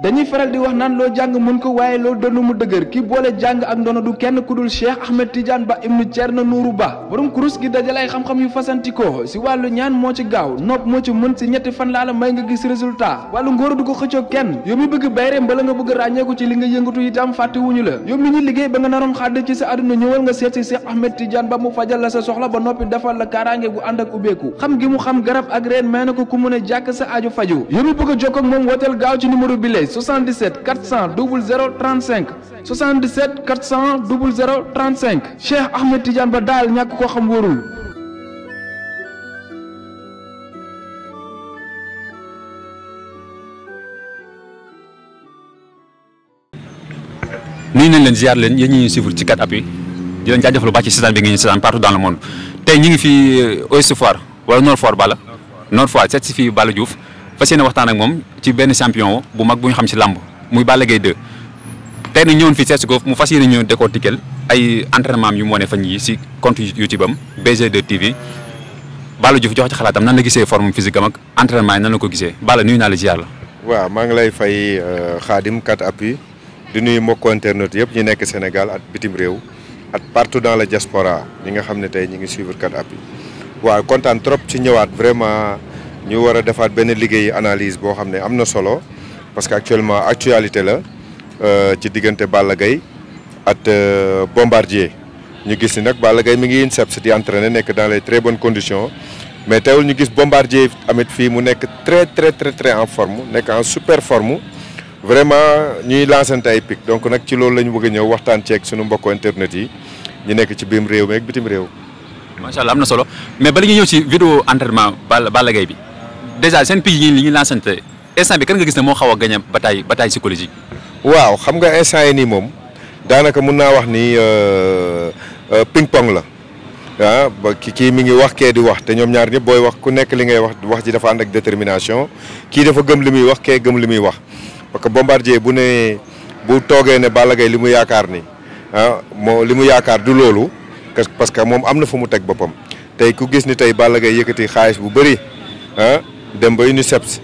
dañuy faral di wax naan loo jàng mën ko waaye loo dënnu mu dëgër ki boole jàng ak ndono du kenn ku dul Cheikh Ahmed Tidiane Ba ibnu na Nourou Ba borom kurus gi dajale ay xam-xam yu fasantikoo si wàllu ñaan moo ci gaaw nopp moo ci mën si ñetti fan laa la may nga gis résultat wàllu ngóor du ko xëccoo kenn yow mi bëgg bayre mbala nga bëgg ràññeeku ci li nga yëngatu itam fàtte la yow mi ñu liggéey ba nga naroon xàdd ci sa àdduna ñëwal nga seet si Cheikh Ahmed Ba mu fajal sa soxla ba noppi la kaaraange gu ànd ak ubbeeku xam gi mu xam garab ak reen may ko ku mu ne jàkk sa aju faju yow mi bëgg a jokkoo ak moom wooteel gaaw ci numéro bi 77 400 00 35 77 400 00 35 Cheikh Ahmed Tidiane ba daal ñàkk koo xam wóorul. nuyu nañ leen ziar leen yéen ñi ñuy suivre ci 4appuis di leen jaajëfal baax ci seetaan bi ngeen ñu seetaan partout dans le monde tey ñu ngi fi euh, Ouest Foire wala Nord Foire Balla Nord Foire seet si fii Balla Diouf. fas yéene waxtaan ak moom ci benn champion bu mag bu ñu xam si làmb muy Balla Gaye 2 tey nag ñëwoon fii seet si mu fas yéene ñëw décortiquer ay entraînement am yu mu wane fan yi si compte YouTube am BG2 TV Balla Diouf jox ci xalaatam nan la gisee forme physique am ak entraînement yi nan la ko gisee Balla nuyu naa la ziar la. waaw maa ngi lay fay euh, Khadim kat appi du nuyu mbokku internet yëpp ñu nekk Sénégal at bitim réew ak partout dans la diaspora ñi nga xam ne tey ñu ngi suivre kat appui waaw kontaan trop ci ñëwaat vraiment. ñu war a defaat benn liggéey analyse boo xam ne am na solo parce que actuellement actualité la euh, ci diggante Balla Gaye at euh, Bombardier ñu gis ni nag Balla Gaye mi ngi INSEPS di entraîné nekk dans les très bonnes conditions mais teewul ñu gis Bombardier amit fii mu nekk très très très très en forme nekk en super forme vraiment ñuy lancante ay pic donc nag ci loolu la ñu bëgg a ñëw waxtaan ceeg suñu mbokku internet yi ñu nekk ci biim réew mi ak bitim réew. macha allah na solo mais bala ñu ñëw ci vidéo entraînement Balla Gaye bi. dèjà seen picc yi ñu lancante instant bi kan nga gis ne moo xaw a gagné bataille bataille psychologique. waaw xam nga instant yi nii moom daanaka mun naa wax ni euh, euh, ping pong la. ah ba kii mi ngi wax kee di wax te ñoom ñaar ñëpp booy wax ku nekk li ngay wax wax ji dafa ànd ak détermination kii dafa gëm li muy wax kee gëm li muy wax parce que bombardier bu ne bu toogee ne Balla Gaye li mu yaakaar ni ah, moo li mu yaakaar du loolu parce que moom am na fu mu teg boppam tey ku gis ni tey Balla Gaye yëkkati xaalis bu bëri ah dem ba UNICEF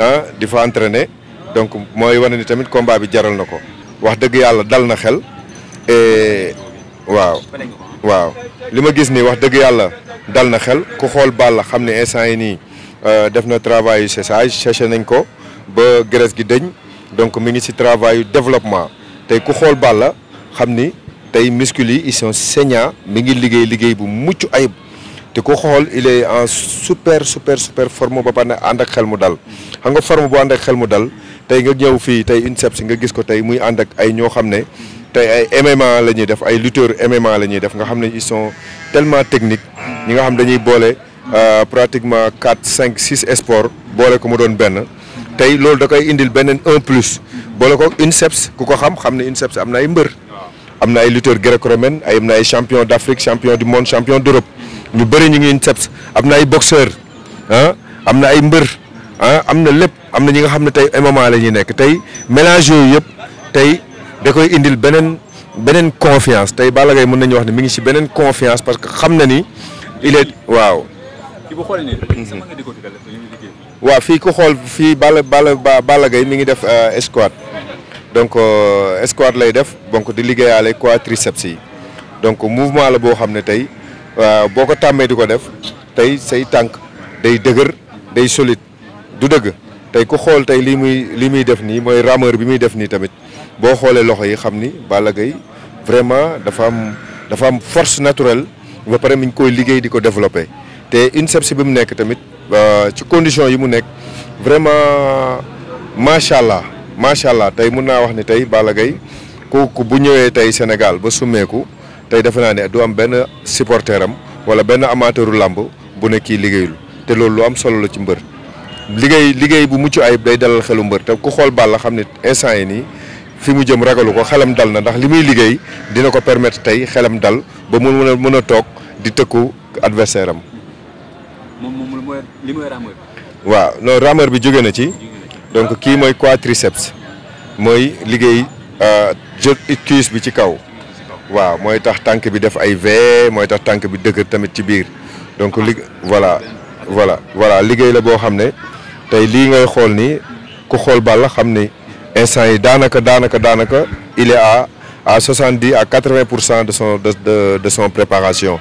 ah di fa entraîner donc mooy wane ni tamit combat bi jaral na ko wax dëgg yàlla dal na xel et waaw. waaw li ma gis ni wax dëgg yàlla dal na xel ku xool Balla xam ne instant yi nii euh, def na travail yu séchage séché nañ ko ba graisse gi dëñ donc mi ngi ci travail yu développement tey ku xool Balla xam ni tey muscles yi ils sont saignants mi ngi liggéey liggéey bu mucc ayib. te ko xool il est en super super super forme ba pare ànd ak xel mu dal xam nga forme bu ànd ak xel mu dal tey nga ñëw fii tey INSEPS nga gis ko tey muy ànd ak ay ñoo xam ne tey ay MMA la ñuy def ay lutteurs MMA la ñuy def nga xam ne ils sont tellement techniques ñi nga xam dañuy boole euh, pratiquement quatre cinq six sports boole ko mu doon benn tey loolu da koy indil beneen un plus boole ko INSEPS ku ko xam xam ne INSEPS am na ay mbër am na ay lutteurs ay am na ay champion d'Afrique ñu bëri ñu ngi INSEPS am na ay boxeur ah am na ay mbër ah am na lépp am na ñi nga xam ne tey MMA la ñuy nekk tey mélange yooyu yëpp tey da koy indil beneen beneen confiance tey Balla Gaye mën nañu wax ne mi ngi si beneen confiance parce que xam na ni il waaw. waaw fii ku xool fii Balla Balla Balla Gaye mi ngi def euh, squat donc euh, squat lay def donc di liggéeyaale quadriceps yi donc mouvement la boo xam ne tey. waaw boo ko tàmmee di ko def tey say tànk day dëgër day solide du dëgg tey ku xool tey lii muy lii muy def nii mooy rameur bi muy def nii tamit boo xoolee loxo yi xam ni balagay Gaye vraiment dafa am dafa am force naturelle ba pare mi ngi koy liggéey di ko développé te INSEPS bi mu nekk tamit euh, ci condition yi mu nekk vraiment macha allah macha allah tey mun naa wax ni tey Balla Gaye ku ku bu ñëwee tey Sénégal ba summeeku tey defe naa ne du am benn supporter am wala benn amateuru làmb bu ne kii liggéeyul te loolu lu am solo la ci mbër liggéey liggéey bu mucc ay day dalal xelu mbër te ku xool Balla xam ne instant yi nii fi mu jëm ragalu ko xelam dal na ndax li muy liggéey dina ko permettre tey xelam dal ba mu mën mën a toog di tëkku adversaire am. moom moom bi. waaw non rameur bi jóge na ci. donc kii mooy quadriceps mooy liggéey euh, jël cuisse bi ci kaw. waaw mooy tax tànk bi def ay v mooy tax tànk bi dëgër tamit ci biir donc lig voilà voilà voilà liggéey la boo xam ne tey lii ngay xool nii ku xool Balla xam ni instant yi daanaka daanaka daanaka il est à à soixante dix à quatre vingt pour cent de son de de de son préparation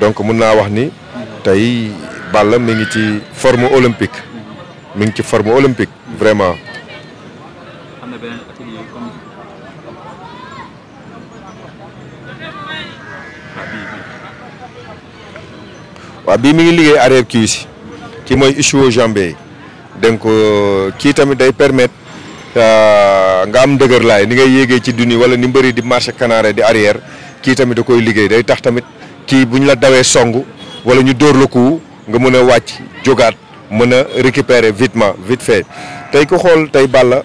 donc mun naa wax ni tey Balla mi ngi ci forme olympique mu ngi ci forme olympique vraiment. waaw bii mi ngi liggéey arrière cuisse ki mooy issue jambe donc euh, kii tamit day permettre euh, nga am dëgër laay ni ngay yéegee ci duni wala ni mbëri di marché canaré di arrière kii tamit da koy liggéey day tax tamit kii bu ñu la dawee song wala ñu dóor la ko nga mën a wàcc jógaat mën a récupérer vitement vite fait tey ko xool tey Balla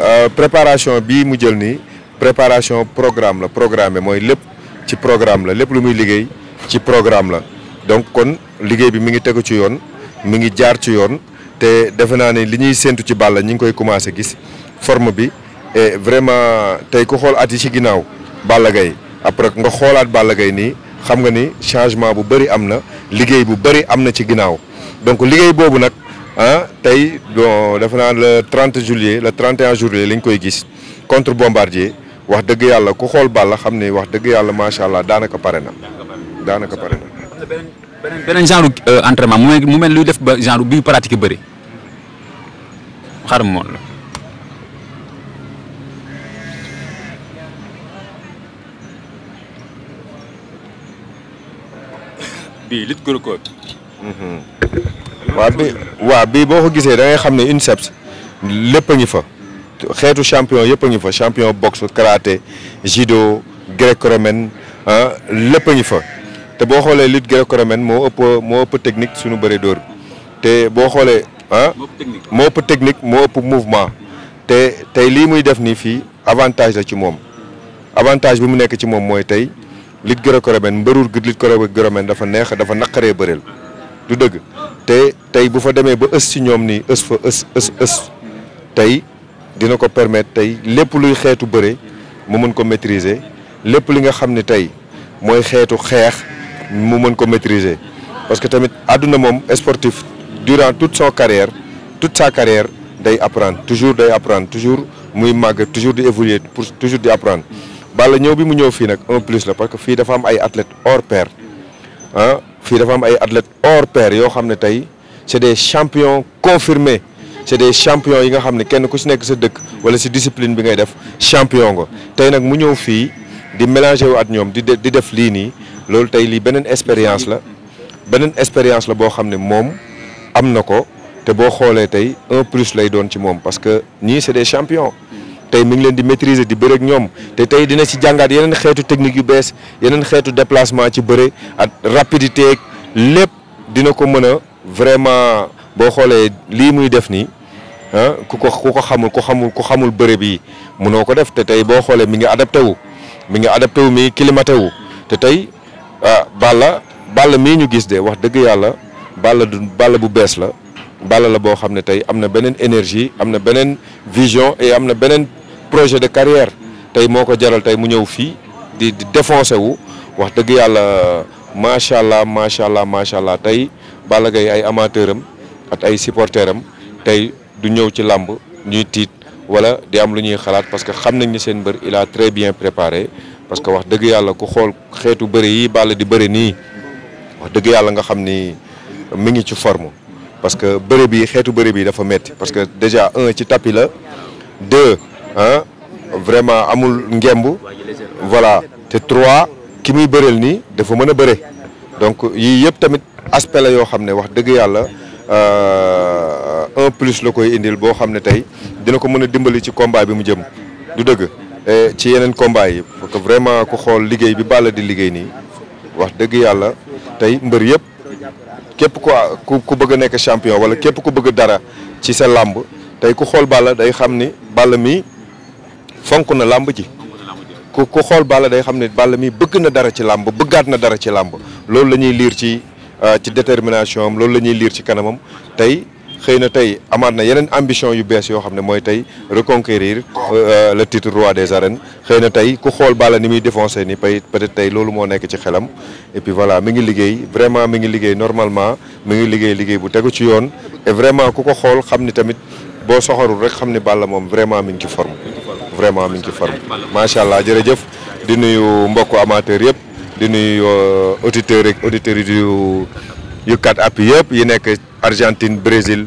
euh, préparation bii mu jël nii préparation programme la programme mooy lépp ci programme la lépp lu muy liggéey ci programme la donc kon liggéey bi mi ngi tegu ci yoon mi ngi jaar ci yoon te defe naa ne li ñuy séentu ci Balla ñu ngi koy commencé gis forme bi et vraiment tey ku xool at yi ci ginnaaw Balla Gaye après nga xoolaat Balla Gaye nii xam nga ni changement bu bëri am na liggéey bu bëri am na ci ginnaaw donc liggéey boobu nag ah tey bon defe naa le 30 juillet le 31 juillet lañ koy gis contre Bombardier wax dëgg yàlla ku xool Balla xam ni wax dëgg yàlla macha allah daanaka pare na daanaka pare ne beneen beneen beneen genre euh, mu mel mu mel luy def ba genre bi pratique bëri xaram moon la. bii lit ko mhm. waaw bi waaw bii boo ko gisee da ngay xam ne INSEPS lépp a ngi fa xeetu champion yëpp a ngi fa champion boxe karaté judo grec romaine ah, lépp a ngi fa. te boo xoolee lutte gréco-romaine moo ëpp moo ëpp technique suñu bëre dóor te boo xoolee ah moo ëpp technique moo ëpp mouvement te tey lii muy def nii fii avantage la ci moom avantage bi mu nekk ci moom mooy tey lutte gréco-romaine mbërur gi lutte gréco dafa neex dafa naqaree bëreel du dëgg te tey bu fa demee ba ës ci ñoom nii ës fa ës ës ës tey dina ko permettre tey lépp luy xeetu bëre mu mën ko maîtriser lépp li nga xam ne tey mooy xeetu xeex mu mën ko maîtriser parce que tamit àdduna moom sportif durant toute son carrière tout sa carrière day apprendre toujours day apprendre toujours muy màgg toujours di évoluer pour toujours di apprendre Balla ñëw bi mu ñëw fii nag en plus la parce que fii dafa am ay athlètes hors pair ah fii dafa am ay athlètes hors pair yoo xam ne tey c'est des champions confirmés c'est des champions yi nga xam ne kenn ku si nekk sa dëkk wala si discipline bi ngay def champion nga tey nag mu ñëw fii di mélanger wu at ñoom di di def lii nii loolu tey lii beneen expérience la beneen expérience la boo xam ne moom am na ko te boo xoolee tey un plus lay doon ci moom parce que nii c'est des champions tey mu ngi leen di maîtriser di bëreek ñoom te tey dina ci jàngaat yeneen xeetu technique yu bees yeneen xeetu déplacement ci bëre ak rapidité lépp dina ko mën a vraiment boo xoolee lii muy def nii ah ku ko ku ko xamul ku xamul ku xamul bëre bi mënoo ko def te tey boo xoolee mi ngi adapté wu mi ngi adapté wu mi ngi wu te tey ah Balla Balla mii ñu gis de wax dëgg yàlla Balla du Balla bu bees la Balla la boo xam ne tey am na beneen énergie am na beneen vision et am na beneen projet de carrière tey moo ko jaral tey mu ñëw fii di di défoncé wu wax dëgg yàlla macha allah macha allah macha allah tey Balla Gaye ay amateur am ak ay supporter am tey du ñëw ci làmb ñuy tiit wala di am lu ñuy xalaat parce que xam nañ ne seen mbër il a très bien préparé. parce que wax dëgg yàlla ku xool xeetu bëri yi Balla di bëri nii wax dëgg yàlla nga xam ni mi ngi ci forme parce que bëri bii xeetu bëri bii dafa metti parce que déjà un ci tapis la deux vraiment amul ngemb voilà te trois ki muy bëreel nii dafa mën a bëre donc yii yëpp tamit aspect la yoo xam ne wax dëgg yàlla euh, un plus la koy indil boo xam ne tey dina ko mën a dimbali ci combat bi mu jëm du dëgg Eh, ci yeneen combat yi parce vraiment ku xool liggéey bi Balla di liggéey nii wax dëgg yàlla tey mbër yëpp képp ku ku bëgg nekk champion wala képp ku bëgg dara ci sa làmb tey ku xool Balla day xam ni Balla mi fonk na làmb ji ku ku xool Balla day xam ni Balla mii bëgg na dara ci làmb bëggaat na dara ci làmb loolu la ñuy liir ci ah, ci détermination am loolu la ñuy liir ci kanamam tey xëy na tey amaat na yeneen ambition yu bees yoo xam ne mooy tey reconquérir euh, le titre roi des arènes xëy na tey ku xool Balla ni muy défoncé ni pay peut-être tey loolu moo nekk ci xelam et puis voilà ngi liggéey vraiment mi ngi liggéey normalement mi ngi liggéey liggéey bu tegu ci yoon et vraiment ku ko xool xam ni tamit boo soxorul rek xam ni bala moom vraiment mi ngi ci forme vraiment mi ngi ci forme macha allah jëf di nuyu mbokku amateur yëpp di nuyu euh, auditeurs ak auditeurs yu yu quatre appuis yëpp yi nekk Argentine Brésil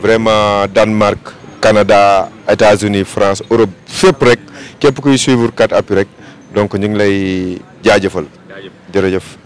vraiment Danemark Canada États-Unis France Europe fépp rek képp kuy suivre quatre appuis rek donc ñu ngi lay jaajëfal. jërëjëf.